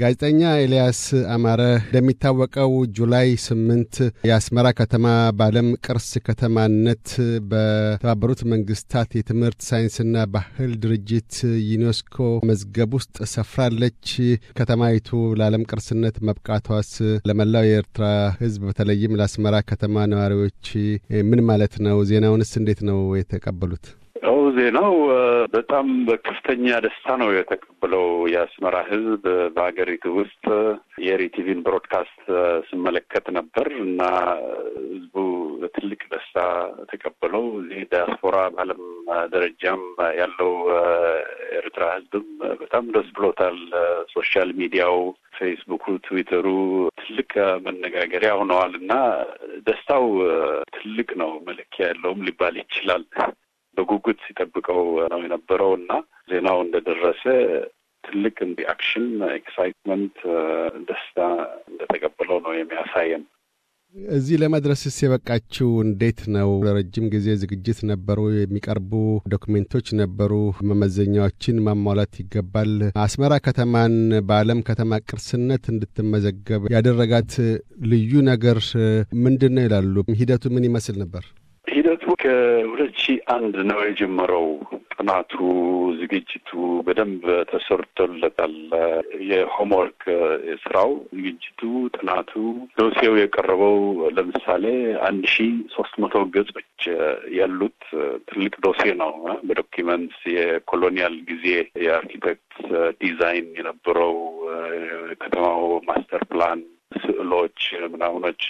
ጋዜጠኛ ኤልያስ አማረ እንደሚታወቀው ጁላይ ስምንት የአስመራ ከተማ በዓለም ቅርስ ከተማነት በተባበሩት መንግስታት የትምህርት ሳይንስና ባህል ድርጅት ዩኔስኮ መዝገብ ውስጥ ሰፍራለች። ከተማይቱ ለዓለም ቅርስነት መብቃቷስ ለመላው የኤርትራ ሕዝብ በተለይም ለአስመራ ከተማ ነዋሪዎች ምን ማለት ነው? ዜናውንስ እንዴት ነው የተቀበሉት? ያው ዜናው በጣም በከፍተኛ ደስታ ነው የተቀበለው የአስመራ ህዝብ በሀገሪቱ ውስጥ ቲቪን ብሮድካስት ስመለከት ነበር እና ህዝቡ በትልቅ ደስታ ተቀበለው። እዚህ ዲያስፖራ በዓለም ደረጃም ያለው ኤርትራ ህዝብም በጣም ደስ ብሎታል። ሶሻል ሚዲያው፣ ፌስቡኩ፣ ትዊተሩ ትልቅ መነጋገሪያ ሆነዋል እና ደስታው ትልቅ ነው፣ መለኪያ ያለውም ሊባል ይችላል። በጉጉት ሲጠብቀው ነው የነበረው እና ዜናው እንደደረሰ ትልቅ አክሽን ኤክሳይትመንት፣ ደስታ እንደተቀበለው ነው የሚያሳየን። እዚህ ለመድረስስ የበቃችው እንዴት ነው? ለረጅም ጊዜ ዝግጅት ነበሩ፣ የሚቀርቡ ዶክሜንቶች ነበሩ፣ መመዘኛዎችን ማሟላት ይገባል። አስመራ ከተማን በዓለም ከተማ ቅርስነት እንድትመዘገብ ያደረጋት ልዩ ነገር ምንድን ነው ይላሉ? ሂደቱ ምን ይመስል ነበር? ሂደቱ ከሁለት አንድ ነው የጀመረው። ጥናቱ ዝግጅቱ በደንብ ተሰርቶለታል። የሆምወርክ ስራው፣ ዝግጅቱ፣ ጥናቱ፣ ዶሴው የቀረበው ለምሳሌ አንድ ሺ ሶስት መቶ ገጾች ያሉት ትልቅ ዶሴ ነው። በዶኪመንትስ የኮሎኒያል ጊዜ የአርኪቴክት ዲዛይን የነበረው ከተማው ማስተር ፕላን ብሎች ምናምኖች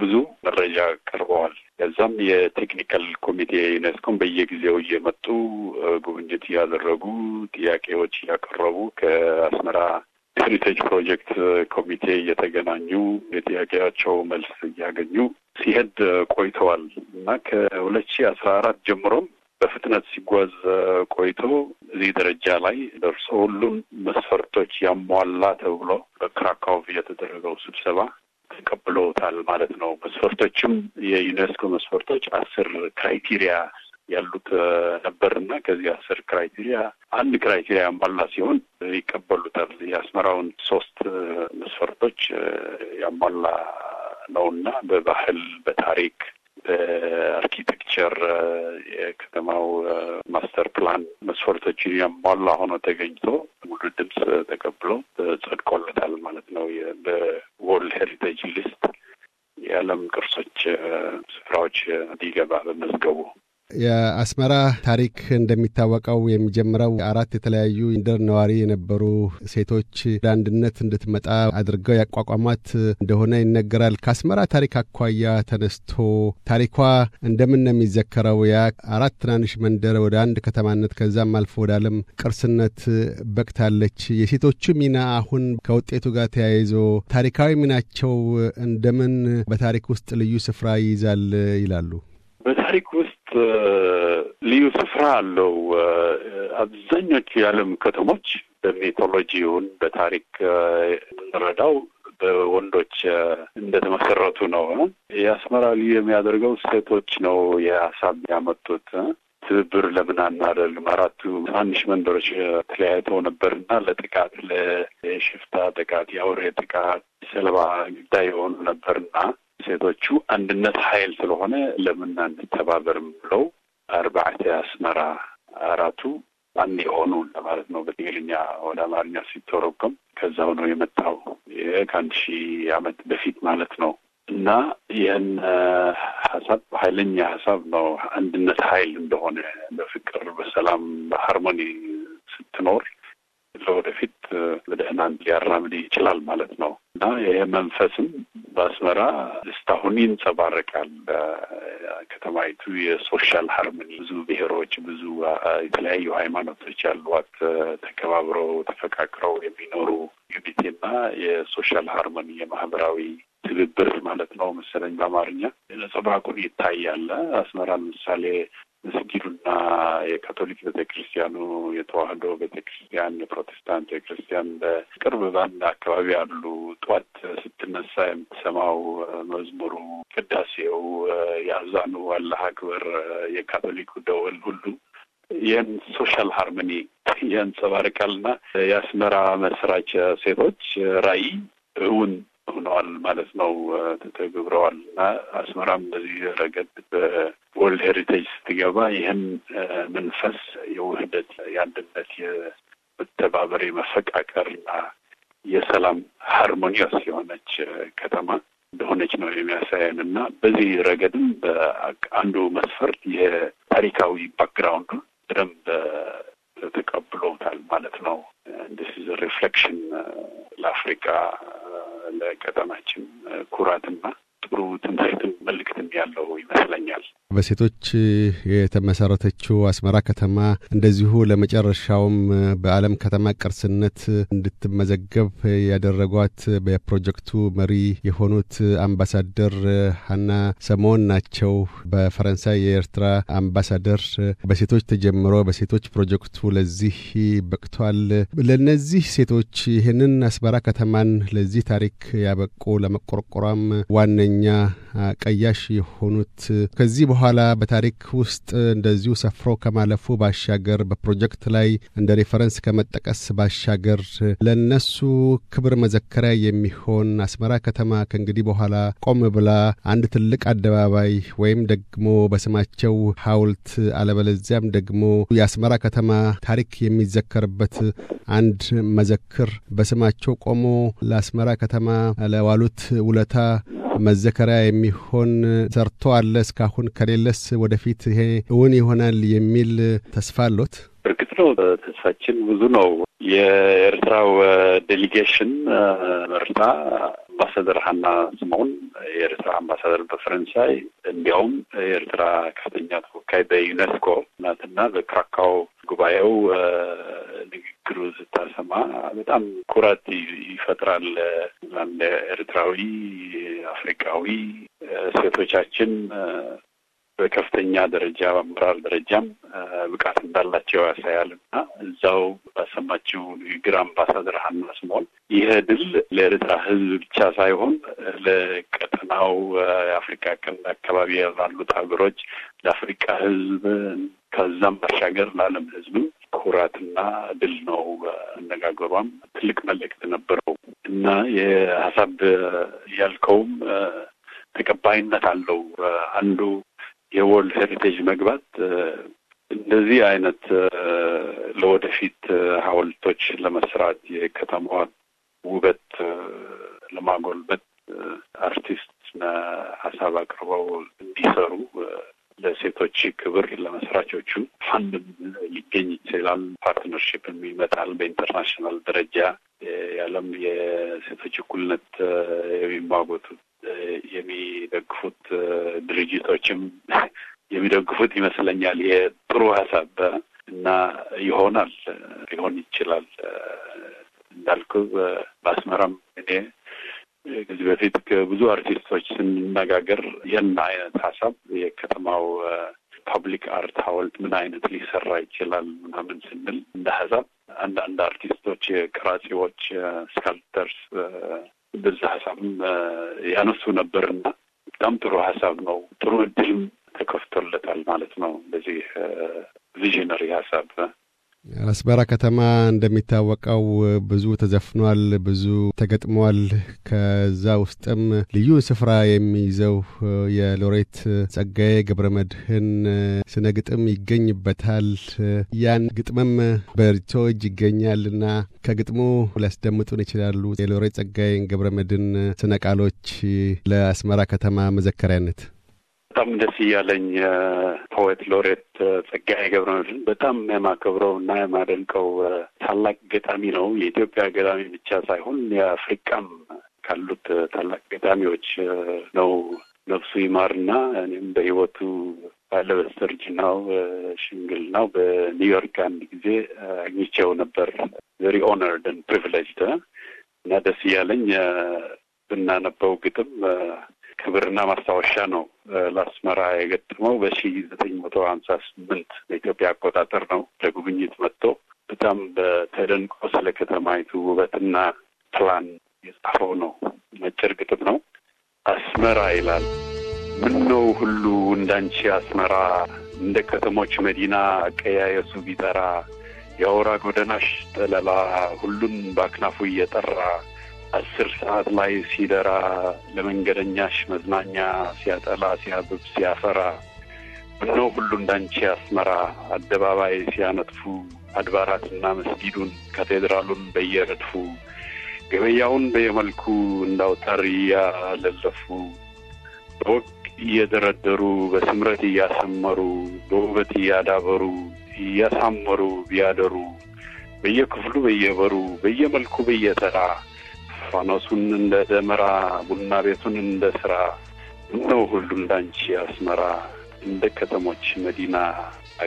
ብዙ መረጃ ቀርበዋል። ከዛም የቴክኒካል ኮሚቴ ዩኔስኮን በየጊዜው እየመጡ ጉብኝት እያደረጉ ጥያቄዎች እያቀረቡ ከአስመራ ሄሪቴጅ ፕሮጀክት ኮሚቴ እየተገናኙ የጥያቄያቸው መልስ እያገኙ ሲሄድ ቆይተዋል እና ከሁለት ሺህ አስራ አራት ጀምሮም በፍጥነት ሲጓዝ ቆይቶ እዚህ ደረጃ ላይ ደርሶ ሁሉም መስፈርቶች ያሟላ ተብሎ በክራካው የተደረገው ስብሰባ ተቀብለውታል ማለት ነው። መስፈርቶችም የዩኔስኮ መስፈርቶች አስር ክራይቴሪያ ያሉት ነበርና ከዚህ አስር ክራይቴሪያ አንድ ክራይቴሪያ ያሟላ ሲሆን ይቀበሉታል። የአስመራውን ሶስት መስፈርቶች ያሟላ ነውና በባህል፣ በታሪክ በአርኪቴክቸር የከተማው ማስተር ፕላን መስፈርቶችን ያሟላ ሆኖ ተገኝቶ ሙሉ ድምፅ ተቀብሎ ጸድቆለታል ማለት ነው። በወርልድ ሄሪቴጅ ሊስት የዓለም ቅርሶች ስፍራዎች እንዲገባ በመዝገቡ የአስመራ ታሪክ እንደሚታወቀው የሚጀምረው አራት የተለያዩ ኢንደር ነዋሪ የነበሩ ሴቶች ለአንድነት እንድትመጣ አድርገው ያቋቋሟት እንደሆነ ይነገራል። ከአስመራ ታሪክ አኳያ ተነስቶ ታሪኳ እንደምን ነው የሚዘከረው? ያ አራት ትናንሽ መንደር ወደ አንድ ከተማነት ከዛም አልፎ ወደ ዓለም ቅርስነት በቅታለች። የሴቶቹ ሚና አሁን ከውጤቱ ጋር ተያይዞ ታሪካዊ ሚናቸው እንደምን በታሪክ ውስጥ ልዩ ስፍራ ይይዛል ይላሉ? ታሪክ ውስጥ ልዩ ስፍራ አለው። አብዛኞቹ የዓለም ከተሞች በሚቶሎጂውን በታሪክ የምንረዳው በወንዶች እንደተመሰረቱ ነው። የአስመራ ልዩ የሚያደርገው ሴቶች ነው የሀሳብ ያመጡት። ትብብር ለምን አናደርግም? አራቱ ትናንሽ መንደሮች ተለያይተው ነበርና ለጥቃት ለሽፍታ ጥቃት፣ የአውሬ ጥቃት ሰለባ ጉዳይ የሆኑ ነበርና ሴቶቹ አንድነት ኃይል ስለሆነ ለምን አንተባበርም ብለው አርባዕተ አስመራ አራቱ አንድ የሆኑ ለማለት ነው። በትግርኛ ወደ አማርኛ ሲተረጎም ከዛው ነው የመጣው። ከአንድ ሺህ ዓመት በፊት ማለት ነው። እና ይህን ሀሳብ ኃይለኛ ሀሳብ ነው። አንድነት ኃይል እንደሆነ በፍቅር በሰላም በሃርሞኒ ስትኖር ለወደፊት በደህና ሊያራምድ ይችላል ማለት ነው። እና ይህ መንፈስም በአስመራ እስካሁን ይንጸባረቃል። ከተማይቱ የሶሻል ሀርሞኒ ብዙ ብሔሮች፣ ብዙ የተለያዩ ሃይማኖቶች ያሏት ተከባብረው ተፈቃቅረው የሚኖሩ ዩኒቲና የሶሻል ሃርሞኒ የማህበራዊ ትብብር ማለት ነው መሰለኝ በአማርኛ ነጸብራቁን ይታያል። አስመራ ለምሳሌ ምስጊዱና የካቶሊክ ቤተክርስቲያኑ፣ የተዋህዶ ቤተክርስቲያን፣ የፕሮቴስታንት ቤተክርስቲያን በቅርብ ባንድ አካባቢ አሉ። ጠዋት ስትነሳ የምትሰማው መዝሙሩ፣ ቅዳሴው፣ የአዛኑ አላህ አክበር፣ የካቶሊኩ ደወል ሁሉ ይህን ሶሻል ሃርሞኒ ያንጸባርቃልና የአስመራ መስራች ሴቶች ራዕይ እውን ሆነዋል ማለት ነው፣ ተተግብረዋል እና አስመራም በዚህ ረገድ ወርልድ ሄሪቴጅ ስትገባ ይህን መንፈስ የውህደት፣ የአንድነት፣ የመተባበር፣ እና የሰላም ሃርሞኒየስ የሆነች ከተማ እንደሆነች ነው የሚያሳየን እና በዚህ ረገድም አንዱ መስፈርት የታሪካዊ ባክግራውንዱ በደንብ ተቀብሎታል ማለት ነው። እንደዚህ ሪፍሌክሽን ለአፍሪካ ለቀጠናችን ኩራትና ጥሩ ትምህርትም መልእክትም ያለው ይመስለኛል። በሴቶች የተመሰረተችው አስመራ ከተማ እንደዚሁ ለመጨረሻውም በዓለም ከተማ ቅርስነት እንድትመዘገብ ያደረጓት በፕሮጀክቱ መሪ የሆኑት አምባሳደር ሀና ሰሞን ናቸው። በፈረንሳይ የኤርትራ አምባሳደር በሴቶች ተጀምሮ በሴቶች ፕሮጀክቱ ለዚህ በቅቷል። ለነዚህ ሴቶች ይህንን አስመራ ከተማን ለዚህ ታሪክ ያበቁ ለመቆርቆሯም ዋነኛ ዋነኛ ቀያሽ የሆኑት ከዚህ በኋላ በታሪክ ውስጥ እንደዚሁ ሰፍሮ ከማለፉ ባሻገር በፕሮጀክት ላይ እንደ ሬፈረንስ ከመጠቀስ ባሻገር ለነሱ ክብር መዘከሪያ የሚሆን አስመራ ከተማ ከእንግዲህ በኋላ ቆም ብላ አንድ ትልቅ አደባባይ ወይም ደግሞ በስማቸው ሐውልት አለበለዚያም ደግሞ የአስመራ ከተማ ታሪክ የሚዘከርበት አንድ መዘክር በስማቸው ቆሞ ለአስመራ ከተማ ለዋሉት ውለታ መዘ መዘከሪያ የሚሆን ሰርቶ አለ? እስካሁን ከሌለስ ወደፊት ይሄ እውን ይሆናል የሚል ተስፋ አሎት? እርግጥ ነው ተስፋችን ብዙ ነው። የኤርትራው ዴሊጌሽን መርታ አምባሳደር ሀና ስምኦን የኤርትራ አምባሳደር በፈረንሳይ እንዲያውም የኤርትራ ከፍተኛ ተወካይ በዩኔስኮ ናትና በክራካው ጉባኤው ንግግሩ ስታሰማ በጣም ኩራት ይፈጥራል። ኤርትራዊ አፍሪካዊ ሴቶቻችን በከፍተኛ ደረጃ በአመራር ደረጃም ብቃት እንዳላቸው ያሳያል እና እዛው ባሰማችው ንግግር አምባሳደር ሀና ስምኦን ይህ ድል ለኤርትራ ሕዝብ ብቻ ሳይሆን ለቀጠናው የአፍሪካ ቀንድ አካባቢ ላሉት ሀገሮች፣ ለአፍሪካ ሕዝብ ከዛም ባሻገር ለዓለም ሕዝብም ኩራትና ድል ነው። አነጋገሯም ትልቅ መልእክት ነበረው እና የሀሳብ ያልከውም ተቀባይነት አለው። አንዱ የወርልድ ሄሪቴጅ መግባት እንደዚህ አይነት ለወደፊት ሀውልቶች ለመስራት የከተማዋን ውበት ለማጎልበት አርቲስት ሀሳብ አቅርበው እንዲሰሩ ለሴቶች ክብር ለመስራቾቹ ፋንድም ሊገኝ ይችላል። ፓርትነርሽፕም ይመጣል። በኢንተርናሽናል ደረጃ የዓለም የሴቶች እኩልነት የሚሟገቱት የሚደግፉት ድርጅቶችም የሚደግፉት ይመስለኛል። ጥሩ ሀሳብ እና ይሆናል ሊሆን ይችላል እንዳልኩ በአስመራም እኔ ከዚህ በፊት ከብዙ አርቲስቶች ስንነጋገር ይህን አይነት ሀሳብ የከተማው ፐብሊክ አርት ሀውልት ምን አይነት ሊሰራ ይችላል ምናምን ስንል እንደ ሀሳብ አንዳንድ አርቲስቶች ቀራጺዎች፣ ስካልፕተርስ በዛ ሀሳብም ያነሱ ነበርና በጣም ጥሩ ሀሳብ ነው። ጥሩ እድልም ተከፍቶለታል ማለት ነው። በዚህ ቪዥነሪ ሀሳብ አስመራ ከተማ እንደሚታወቀው ብዙ ተዘፍኗል፣ ብዙ ተገጥሟል። ከዛ ውስጥም ልዩ ስፍራ የሚይዘው የሎሬት ጸጋዬ ገብረ መድህን ስነ ግጥም ይገኝበታል። ያን ግጥምም በርቶ እጅ ይገኛልና ከግጥሙ ሊያስደምጡን ይችላሉ የሎሬት ጸጋዬን ገብረ መድህን ስነ ቃሎች ለአስመራ ከተማ መዘከሪያነት በጣም ደስ እያለኝ ፖኤት ሎሬት ጸጋዬ ገብረመድህን በጣም የማከብረው እና የማደንቀው ታላቅ ገጣሚ ነው። የኢትዮጵያ ገጣሚ ብቻ ሳይሆን የአፍሪቃም ካሉት ታላቅ ገጣሚዎች ነው። ነፍሱ ይማርና እኔም በህይወቱ ባለ በስተርጅናው ሽምግልናው በኒውዮርክ አንድ ጊዜ አግኝቼው ነበር። ቨሪ ኦነርድ ኤንድ ፕሪቪሌጅድ እና ደስ እያለኝ ብናነበው ግጥም ክብርና ማስታወሻ ነው ለአስመራ የገጠመው በሺ ዘጠኝ መቶ ሀምሳ ስምንት በኢትዮጵያ አቆጣጠር ነው። ለጉብኝት መጥቶ በጣም በተደንቆ ስለ ከተማይቱ ውበትና ፕላን የጻፈው ነው። አጭር ግጥም ነው። አስመራ ይላል። ምን ነው ሁሉ እንዳንቺ አስመራ እንደ ከተሞች መዲና አቀያየሱ ቢጠራ የአውራ ጎዳናሽ ጠለላ ሁሉን በአክናፉ እየጠራ አስር ሰዓት ላይ ሲደራ ለመንገደኛሽ መዝናኛ ሲያጠላ ሲያብብ ሲያፈራ ብኖ ሁሉ እንዳንቺ አስመራ አደባባይ ሲያነጥፉ አድባራትና መስጊዱን ካቴድራሉን በየረድፉ ገበያውን በየመልኩ እንዳውታር እያለለፉ በወቅ እየደረደሩ በስምረት እያሰመሩ በውበት እያዳበሩ እያሳመሩ ቢያደሩ በየክፍሉ በየበሩ በየመልኩ በየተራ ፋኖሱን እንደ ደመራ፣ ቡና ቤቱን እንደ ስራ ነው ሁሉ እንዳንቺ አስመራ እንደ ከተሞች መዲና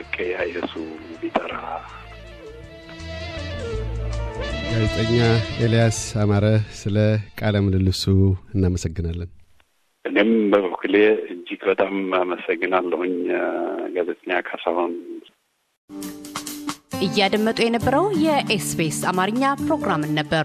አቀያየሱ ቢጠራ። ጋዜጠኛ ኤልያስ አማረ ስለ ቃለ ምልልሱ እናመሰግናለን። እኔም በበኩሌ እጅግ በጣም አመሰግናለሁኝ ጋዜጠኛ ካሳሆን እያደመጡ የነበረው የኤስፔስ አማርኛ ፕሮግራምን ነበር።